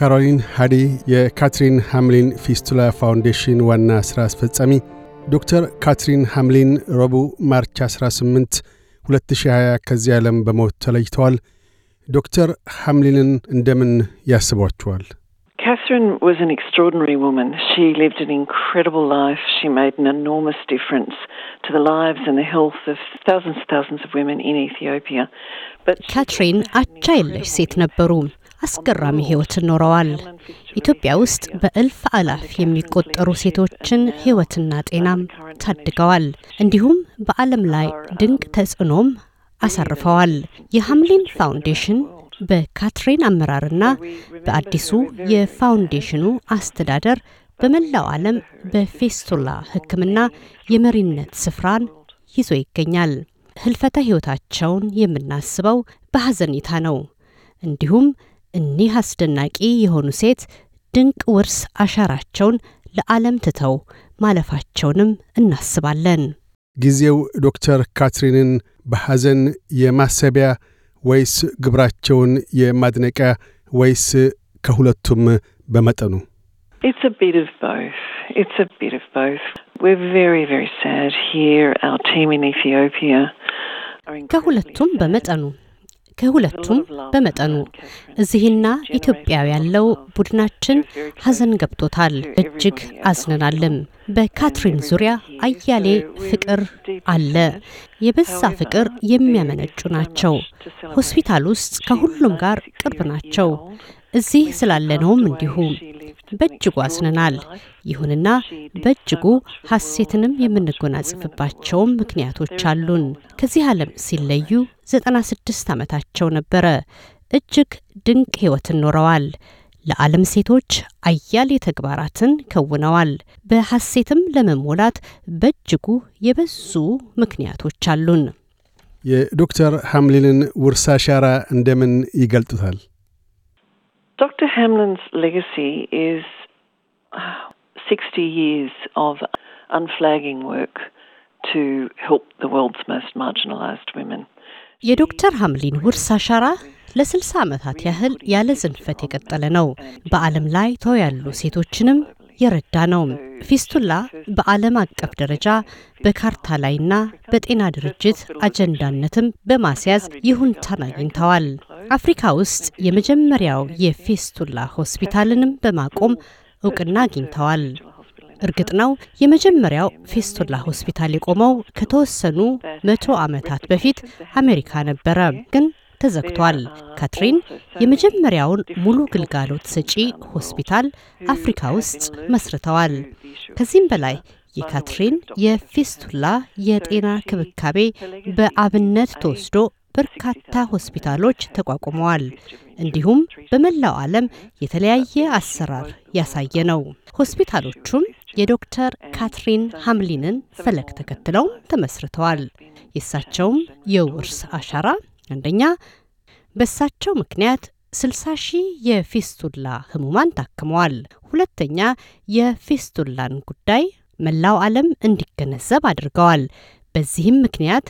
ካሮሊን ሃዲ የካትሪን ሃምሊን ፊስቱላ ፋውንዴሽን ዋና ሥራ አስፈጻሚ፣ ዶክተር ካትሪን ሃምሊን ረቡዕ ማርች 18 2020 ከዚህ ዓለም በሞት ተለይተዋል። ዶክተር ሃምሊንን እንደምን ያስቧቸዋል? ካትሪን was an extraordinary woman. She lived an incredible life. She made an enormous difference to the lives and the health of thousands and thousands of women in Ethiopia. ካትሪን አቻ የለሽ ሴት ነበሩ። አስገራሚ ህይወትን ኖረዋል። ኢትዮጵያ ውስጥ በእልፍ አላፍ የሚቆጠሩ ሴቶችን ህይወትና ጤናም ታድገዋል። እንዲሁም በዓለም ላይ ድንቅ ተጽዕኖም አሳርፈዋል። የሀምሊን ፋውንዴሽን በካትሪን አመራርና በአዲሱ የፋውንዴሽኑ አስተዳደር በመላው ዓለም በፌስቱላ ሕክምና የመሪነት ስፍራን ይዞ ይገኛል። ህልፈተ ህይወታቸውን የምናስበው በሐዘኔታ ነው። እንዲሁም እኒህ አስደናቂ የሆኑ ሴት ድንቅ ውርስ አሻራቸውን ለዓለም ትተው ማለፋቸውንም እናስባለን። ጊዜው ዶክተር ካትሪንን በሐዘን የማሰቢያ ወይስ ግብራቸውን የማድነቂያ ወይስ ከሁለቱም በመጠኑ? ከሁለቱም በመጠኑ ከሁለቱም በመጠኑ እዚህና ኢትዮጵያ ያለው ቡድናችን ሀዘን ገብቶታል። እጅግ አዝነናልም። በካትሪን ዙሪያ አያሌ ፍቅር አለ። የበዛ ፍቅር የሚያመነጩ ናቸው። ሆስፒታል ውስጥ ከሁሉም ጋር ቅርብ ናቸው። እዚህ ስላለነውም እንዲሁ በእጅጉ አዝነናል። ይሁንና በእጅጉ ሐሴትንም የምንጎናጽፍባቸውም ምክንያቶች አሉን። ከዚህ ዓለም ሲለዩ 96 ዓመታቸው ነበረ። እጅግ ድንቅ ሕይወትን ኖረዋል። ለዓለም ሴቶች አያሌ ተግባራትን ከውነዋል። በሐሴትም ለመሞላት በእጅጉ የበዙ ምክንያቶች አሉን። የዶክተር ሐምሊንን ውርሳ አሻራ እንደምን ይገልጡታል? ዶክተር ሃምሊንስ ሌጋሲ ኢዝ ሲክስቲ ይርስ ኦፍ አንፍላጊንግ ወርክ የዶክተር ሀምሊን ውርስ አሻራ ለ60 ዓመታት ያህል ያለ ዝንፈት የቀጠለ ነው። በዓለም ላይ ተው ያሉ ሴቶችንም የረዳ ነው። ፊስቱላ በዓለም አቀፍ ደረጃ በካርታ ላይና በጤና ድርጅት አጀንዳነትም በማስያዝ ይሁንታን አግኝተዋል። አፍሪካ ውስጥ የመጀመሪያው የፊስቱላ ሆስፒታልንም በማቆም እውቅና አግኝተዋል። እርግጥ ነው የመጀመሪያው ፌስቶላ ሆስፒታል የቆመው ከተወሰኑ መቶ ዓመታት በፊት አሜሪካ ነበረ ግን ተዘግቷል። ካትሪን የመጀመሪያውን ሙሉ ግልጋሎት ሰጪ ሆስፒታል አፍሪካ ውስጥ መስርተዋል። ከዚህም በላይ የካትሪን የፌስቱላ የጤና ክብካቤ በአብነት ተወስዶ በርካታ ሆስፒታሎች ተቋቁመዋል። እንዲሁም በመላው ዓለም የተለያየ አሰራር ያሳየ ነው። ሆስፒታሎቹም የዶክተር ካትሪን ሀምሊንን ፈለግ ተከትለውም ተመስርተዋል። የእሳቸውም የውርስ አሻራ አንደኛ በእሳቸው ምክንያት 60 ሺህ የፊስቱላ ህሙማን ታክመዋል። ሁለተኛ የፊስቱላን ጉዳይ መላው ዓለም እንዲገነዘብ አድርገዋል። በዚህም ምክንያት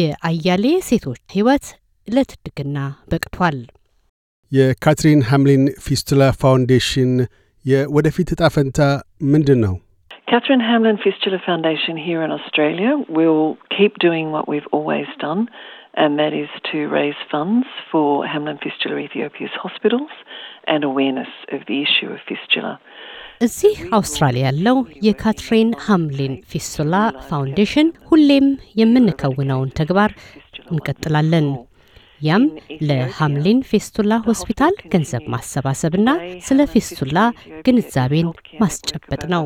የአያሌ ሴቶች ህይወት ለትድግና በቅቷል። የካትሪን ሀምሊን ፊስቱላ ፋውንዴሽን የወደፊት እጣ ፈንታ ምንድን ነው? Catherine Hamlin Fistula Foundation here in Australia will keep doing what we've always done, and that is to raise funds for Hamlin Fistula Ethiopia's hospitals and awareness of the issue of fistula. እዚህ አውስትራሊያ ያለው የካትሪን ሃምሊን ፊስቱላ ፋውንዴሽን ሁሌም የምንከውነውን ተግባር እንቀጥላለን። ያም ለሐምሊን ፌስቱላ ሆስፒታል ገንዘብ ማሰባሰብና ስለ ፌስቱላ ግንዛቤን ማስጨበጥ ነው።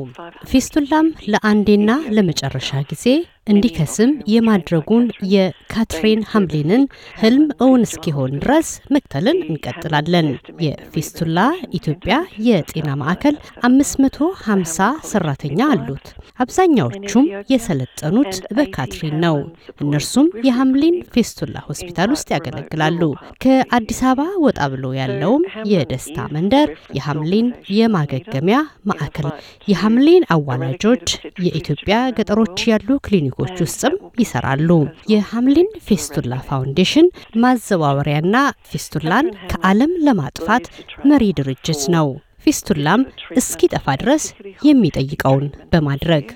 ፌስቱላም ለአንዴና ለመጨረሻ ጊዜ እንዲከስም የማድረጉን የካትሪን ሀምሊንን ህልም እውን እስኪሆን ድረስ መክተልን እንቀጥላለን። የፌስቱላ ኢትዮጵያ የጤና ማዕከል 550 ሰራተኛ አሉት። አብዛኛዎቹም የሰለጠኑት በካትሪን ነው። እነርሱም የሀምሊን ፌስቱላ ሆስፒታል ውስጥ ያገለግላሉ። ከአዲስ አበባ ወጣ ብሎ ያለውም የደስታ መንደር የሀምሊን የማገገሚያ ማዕከል የሀምሊን አዋላጆች የኢትዮጵያ ገጠሮች ያሉ ክሊኒኮች ፈልጎች ውስጥም ይሰራሉ። የሀምሊን ፌስቱላ ፋውንዴሽን ማዘዋወሪያና ፌስቱላን ከዓለም ለማጥፋት መሪ ድርጅት ነው። ፌስቱላም እስኪጠፋ ድረስ የሚጠይቀውን በማድረግ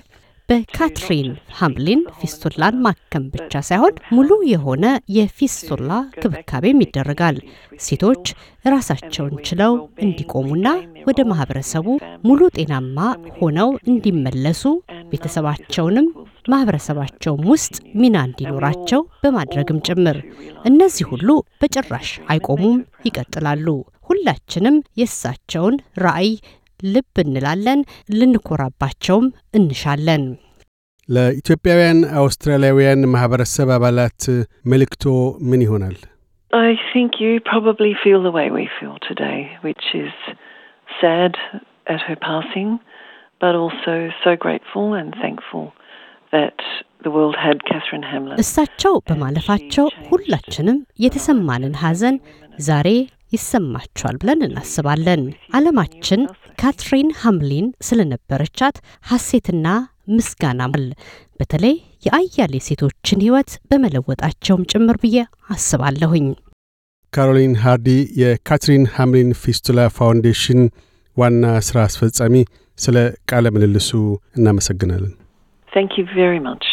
በካትሪን ሀምሊን ፊስቱላን ማከም ብቻ ሳይሆን ሙሉ የሆነ የፊስቱላ ክብካቤም ይደረጋል። ሴቶች ራሳቸውን ችለው እንዲቆሙና ወደ ማህበረሰቡ ሙሉ ጤናማ ሆነው እንዲመለሱ ቤተሰባቸውንም ማህበረሰባቸውም ውስጥ ሚና እንዲኖራቸው በማድረግም ጭምር። እነዚህ ሁሉ በጭራሽ አይቆሙም፣ ይቀጥላሉ። ሁላችንም የእሳቸውን ራዕይ ልብ እንላለን፣ ልንኮራባቸውም እንሻለን። ለኢትዮጵያውያን አውስትራሊያውያን ማህበረሰብ አባላት መልእክቶ ምን ይሆናል? I think you probably feel the way we feel today, which is sad at her passing, but also so grateful and thankful እሳቸው በማለፋቸው ሁላችንም የተሰማንን ሐዘን ዛሬ ይሰማቸዋል ብለን እናስባለን። ዓለማችን ካትሪን ሀምሊን ስለነበረቻት ሐሴትና ምስጋናም በተለይ የአያሌ ሴቶችን ሕይወት በመለወጣቸውም ጭምር ብዬ አስባለሁኝ። ካሮሊን ሃርዲ የካትሪን ሀምሊን ፊስቱላ ፋውንዴሽን ዋና ሥራ አስፈጻሚ፣ ስለ ቃለ ምልልሱ እናመሰግናለን። Thank you very much.